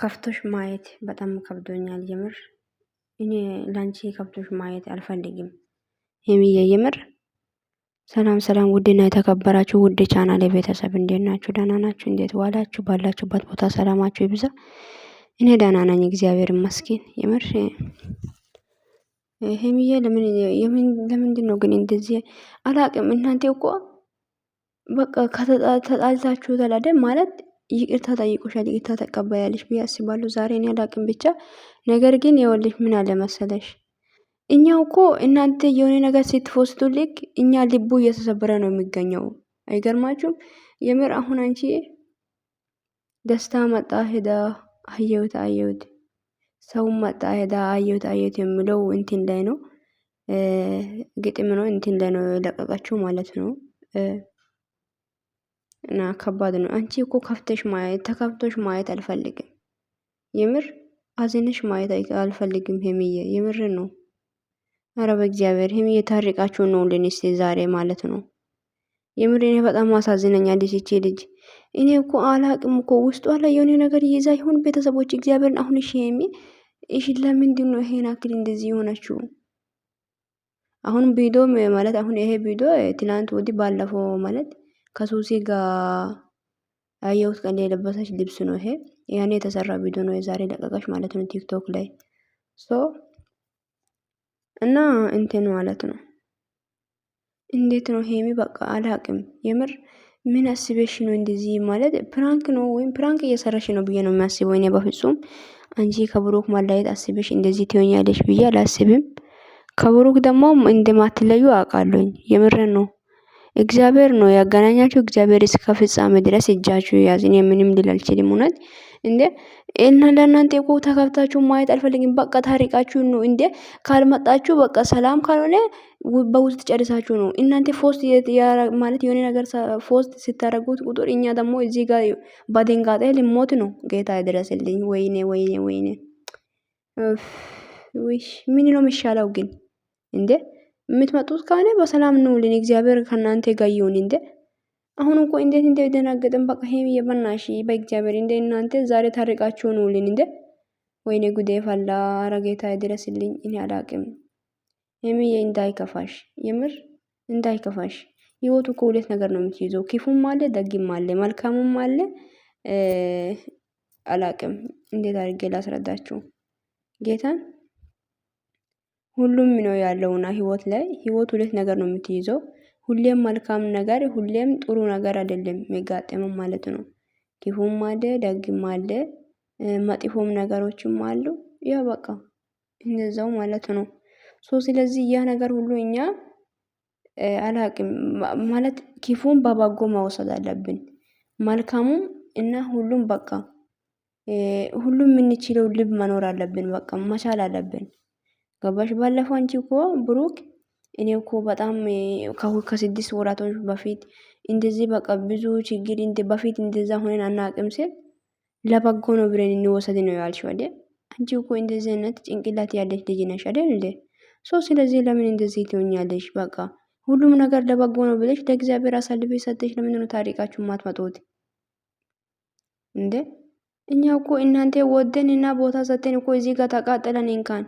ከፍቶሽ ማየት በጣም ከብዶኛል። የምር እኔ ለአንቺ ከብቶሽ ማየት አልፈልግም። ሄሚዬ የምር ሰላም ሰላም፣ ውድና የተከበራችሁ ውድ ቻናል የቤተሰብ እንዴት ናችሁ? ደህና ናችሁ? እንዴት ዋላችሁ? ባላችሁበት ቦታ ሰላማችሁ ይብዛ። እኔ ደህና ነኝ፣ እግዚአብሔር ይመስገን። የምር ሄሚዬ ለምንድን ነው ግን እንደዚህ አላቅም። እናንተ እኮ በቃ ተጣልታችሁ ተላደ ማለት ይቅርታ ጠይቆሻል፣ ይቅርታ ተቀባያለሽ ብዬ አስባለሁ። ዛሬ እኔ አላቅም ብቻ ነገር ግን የወልሽ ምን አለ መሰለሽ፣ እኛው እኮ እናንተ የሆነ ነገር ስትፎስቱ ልክ እኛ ልቡ እየተሰበረ ነው የሚገኘው። አይገርማችሁም? የምር አሁን አንቺ ደስታ መጣ ሄዳ አየሁት አየሁት፣ ሰው መጣ ሄዳ አየሁት አየሁት የሚለው እንትን ላይ ነው ግጥም ነው እንትን ላይ ነው የለቀቀችው ማለት ነው። እና ከባድ ነው። አንቺ እኮ ከፍተሽ ማየት ተከፍቶሽ ማየት አልፈልግም። የምር አዝነሽ ማየት አልፈልግም። ሄምዬ የምር ነው። አረ በእግዚአብሔር ሄምዬ ታሪቃችሁ ነው ልንስ ዛሬ ማለት ነው። የምር እኔ በጣም አሳዝነኛ ልጅ ልጅ እኔ እኮ አላቅም እኮ ውስጧ ላይ የሆነ ነገር ይዛ ይሆን ቤተሰቦች እግዚአብሔርን አሁን እሺ ሄሚ እሺ፣ ለምንድን ነው ይሄን አክል እንደዚህ የሆነችው? አሁን ቪዲዮ ማለት አሁን ይሄ ቪዲዮ ትናንት ወዲህ ባለፈው ማለት ከሱሲ ጋር ያየሁት ቀን የለበሰች ልብስ ነው። ይሄ ያኔ የተሰራ ቪዲዮ ነው የዛሬ ለቀቀች ማለት ነው ቲክቶክ ላይ ሶ እና እንትን ማለት ነው። እንዴት ነው ሄሚ በቃ አላቅም። የምር ምን አስበሽ ነው እንደዚህ ማለት ፕራንክ ነው ወይም ፕራንክ እየሰራሽ ነው ብዬ ነው የሚያስበው እኔ። በፍጹም አንቺ ከብሩክ ማለየት አስበሽ እንደዚህ ትሆኛለሽ ብዬ አላስብም። ከብሩክ ደግሞ እንደማትለዩ አውቃለኝ። የምርን ነው እግዚአብሔር ነው ያገናኛችሁ። እግዚአብሔር እስከ ፍጻሜ ድረስ እጃችሁ ያዝ። እኔ ምንም ልል አልችልም። እውነት እንዴ እና ለእናንተ እኮ ተከፍታችሁ ማየት አልፈልግም። በቃ ታሪቃችሁ ነው እንዴ ካልመጣችሁ፣ በቃ ሰላም ካልሆነ በውስጥ ጨርሳችሁ ነው እናንተ ፎስት ማለት የሆነ ነገር ፎስት ስታደረጉት ቁጥር እኛ ደግሞ እዚህ ጋር በድንጋጤ ልሞት ነው። ጌታ ይድረስልኝ። ወይኔ ወይኔ ወይኔ፣ ምን ነው የሚሻለው ግን እንዴ የምትመጡት ከሆነ በሰላም ንውልን እግዚአብሔር ከእናንተ ጋር ይሁን። እንደ አሁን እኮ እንዴት እንደደናገጥን በቃ ሄም የበናሽ በእግዚአብሔር እንደ እናንተ ዛሬ ታርቃችሁ ኑልን። እንደ ወይኔ ጉዴ ፈላ። ኧረ ጌታ ድረስልኝ። እኔ አላቅም። ሄም እንዳይከፋሽ፣ የምር እንዳይከፋሽ። ህይወቱ እኮ ሁለት ነገር ነው የምትይዘው፣ ክፉም አለ ደግም አለ መልካሙም አለ። አላቅም እንዴት አድርጌ ላስረዳችሁ ጌታን ሁሉም ነው ያለውና ህይወት ላይ ህይወት ሁለት ነገር ነው የምትይዘው። ሁሌም መልካም ነገር ሁሌም ጥሩ ነገር አይደለም የሚጋጠመው ማለት ነው። ክፉም አለ ደግም አለ። መጥፎም ነገሮችም አሉ ያ በቃ እንደዛው ማለት ነው። ሶ ስለዚህ ያ ነገር ሁሉ እኛ አላቅም ማለት ክፉን በበጎ መውሰድ አለብን። መልካሙም እና ሁሉም በቃ ሁሉም የምንችለው ልብ መኖር አለብን በቃ መቻል አለብን ገባሽ? ባለፈው አንቺ እኮ ብሩክ እኔ እኮ በጣም ከስድስት ወራቶች በፊት እንደዚህ በቃ ብዙ ችግር በፊት እንደዛ ሆነን አናቅም ሲል ለበጎ ነው ብለን እንወሰድ ነው ያልሽ አይደል? አንቺ እኮ እንደዚህ አይነት ጭንቅላት ያለሽ ልጅ ነሽ አይደል እንዴ? ሶ ስለዚህ ለምን እንደዚህ ትሆኛለሽ? በቃ ሁሉም ነገር ለበጎ ነው ብለሽ ለእግዚአብሔር አሳልፈ የሰጠሽ ለምን ነው ታሪቃችሁ ማትመጡት እንዴ? እኛ እኮ እናንተ ወደን እና ቦታ ሰጥተን እኮ እዚህ ጋር ተቃጠለን እንካን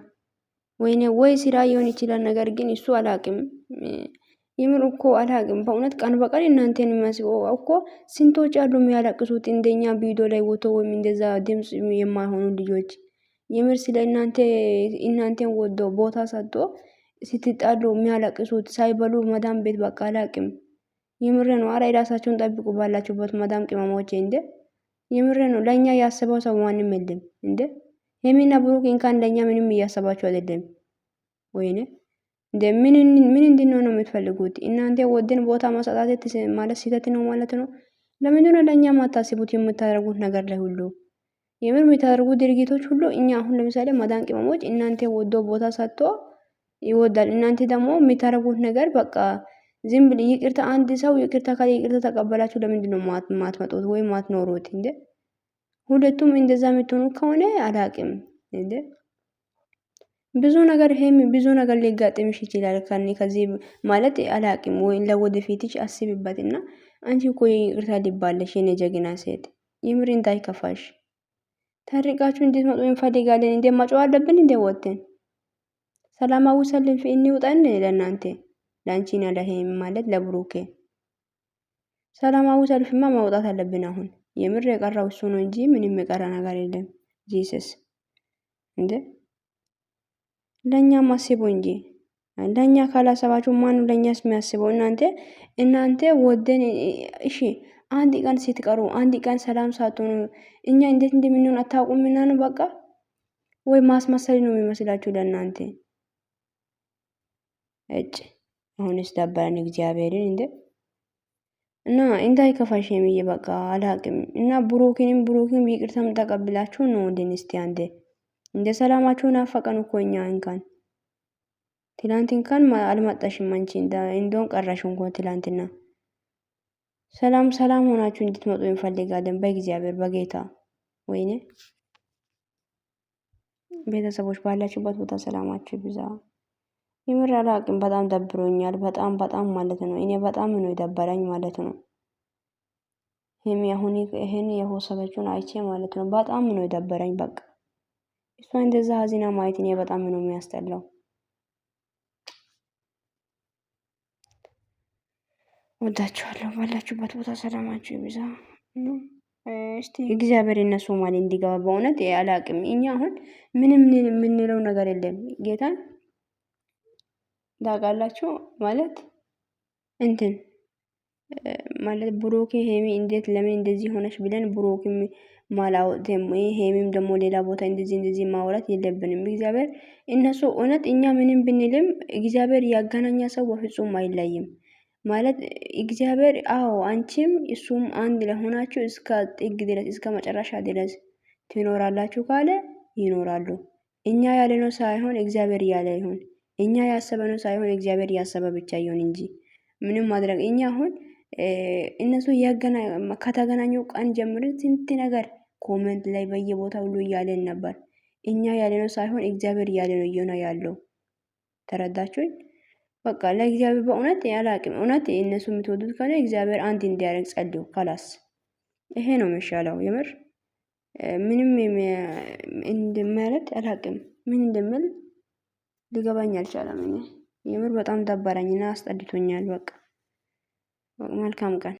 ወይኔ ወይ ስራ ይሆን ይችላል። ነገር ግን እሱ አላቅም፣ የምር እኮ አላቅም። በእውነት ቀን በቀን እናንተን የሚያስበው እኮ ስንቶች አሉ የሚያለቅሱት እንደኛ ቪዲዮ ላይ ወቶ ወይም እንደዛ ድምፅ የማይሆኑ ልጆች የምር ስለ እናንተ እናንተን ወዶ ቦታ ሰጥቶ ስትጣሉ የሚያለቅሱት ሳይበሉ መዳም ቤት በቃ አላቅም። የምር ነው። አረ የራሳቸውን ጠብቁ ባላችሁበት መዳም ቅመሞቼ። እንደ የምር ነው። ለእኛ ያስበው ሰው ማንም የለም እንደ ሄሚና ብሩክ እንኳን እንደኛ ምንም እያሰባችሁ አይደለም። ወይኔ እንደ ምን ምን እንድንሆን ነው የምትፈልጉት እናንተ? ወድን ቦታ ማሰጣት ማለት ስህተት ነው ማለት ነው። ለምንድን ነው ለእኛ ማታስቡት? የምታደርጉት ነገር ላይ ሁሉ የምር የምታደርጉት ድርጊቶች ሁሉ እኛ አሁን ለምሳሌ ማዳን ቅመሞች እናንተ ወዶ ቦታ ሰጥቶ ይወዳል። እናንተ ደግሞ የምታደርጉት ነገር በቃ ዝም ብል ይቅርታ፣ አንድ ሰው ይቅርታ ካለ ይቅርታ ተቀበላችሁ። ለምንድን ነው ማትመጡት ወይም ማትኖሩት እንዴ? ሁለቱም እንደዛ የምትሆኑ ከሆነ አላቅም እንደ ብዙ ነገር ሄም ብዙ ነገር ሊጋጥምሽ ይችላል። ከኔ ከዚህ ማለት አላቅም ወይ ለወደፊትሽ አስቢበትና አንቺ እኮ ይቅርታ ሊባለሽ የኔ ጀግና ሴት ይምር እንዳይከፋሽ። ታሪቃችሁ እንዴት መጡ እንፈልጋለን እንዴ ማጫው አለብን እንዴ ወጥተን ሰላማዊ ሰልፍ እንውጣን ለእናንተ ለአንቺና ለሄም ማለት ለብሩኬ ሰላማዊ ሰልፍማ ማውጣት አለብን አሁን የምር የቀረው እሱ ነው እንጂ ምንም የቀረ ነገር የለም። ጂሰስ እንደ ለእኛም አስቦ እንጂ ለእኛ ካላሰባችሁ ማኑ ለእኛስ የሚያስበው? እናንተ እናንተ ወደን እሺ፣ አንድ ቀን ስትቀሩ፣ አንድ ቀን ሰላም ሳትሆኑ እኛ እንዴት እንደምንሆን አታውቁም። እና ነው በቃ ወይ ማስመሰል ነው የሚመስላችሁ ለእናንተ እጭ። አሁንስ ደበረን እግዚአብሔርን እንዴ እና እንዳይከፋሽ ሀይሚዬ በቃ አላቅም። እና ብሩክንም ብሩክም ይቅርታም ተቀብላችሁ ነው እንዴን እስቲ አንዴ እንደ ሰላማችሁን አፈቀን እኮ እኛ እንኳን ትላንት እንካን አልመጣሽም አንቺ እንደውም ቀራሽ እንኮ ትላንትና። ሰላም ሰላም ሆናችሁ እንድትመጡ እንፈልጋለን በእግዚአብሔር በጌታ ወይኔ ቤተሰቦች ባላችሁበት ቦታ ሰላማችሁ ይብዛ። የምር አላቅም በጣም ደብሮኛል በጣም በጣም ማለት ነው። እኔ በጣም ነው የደበረኝ ማለት ነው። ይህም ያሁን ይህን የወሰደችውን አይቼ ማለት ነው በጣም ነው የደበረኝ። በቃ እሷ እንደዛ ሀዚና ማየት እኔ በጣም ነው የሚያስጠላው። ወዳችኋለሁ። ባላችሁበት ቦታ ሰላማችሁ ይብዛ። እስቲ እግዚአብሔር እነሱ ማል እንዲገባ በእውነት አላቅም። እኛ አሁን ምንም የምንለው ነገር የለም ጌታ ታውቃላችሁ ማለት እንትን ማለት ብሩኬ ሄሚ እንዴት ለምን እንደዚህ ሆነች ብለን ብሩክም ማላወጥ ሄሚም ደግሞ ሌላ ቦታ እንደዚህ እንደዚህ ማውራት የለብንም። እግዚአብሔር እነሱ እውነት እኛ ምንም ብንልም እግዚአብሔር ያገናኛ ሰው በፍጹም አይለይም። ማለት እግዚአብሔር አዎ አንቺም እሱም አንድ ለሆናችሁ እስከ ጥግ ድረስ እስከ መጨረሻ ድረስ ትኖራላችሁ ካለ ይኖራሉ። እኛ ያለነው ሳይሆን እግዚአብሔር ያለ ይሁን። እኛ ያሰበነው ሳይሆን እግዚአብሔር ያሰበ ብቻ ይሁን እንጂ ምንም ማድረግ እኛ አሁን እነሱ ከተገናኙ ቀን ጀምሮ ስንት ነገር ኮመንት ላይ በየቦታ ሁሉ እያለን ነበር። እኛ ያለነው ሳይሆን እግዚአብሔር እያለ ነው እየሆነ ያለው ተረዳችሁኝ። በቃ ለእግዚአብሔር በእውነት ያላቅም እውነት እነሱ የምትወዱት ከሆነ እግዚአብሔር አንድ እንዲያደርግ ጸልዩ። ከላስ ይሄ ነው የሚሻለው። የምር ምንም ማለት አላቅም ምን እንደምል ሊገባኝ አልቻለም። የምር በጣም ደበረኝና አስጠድቶኛል በቃ መልካም ቀን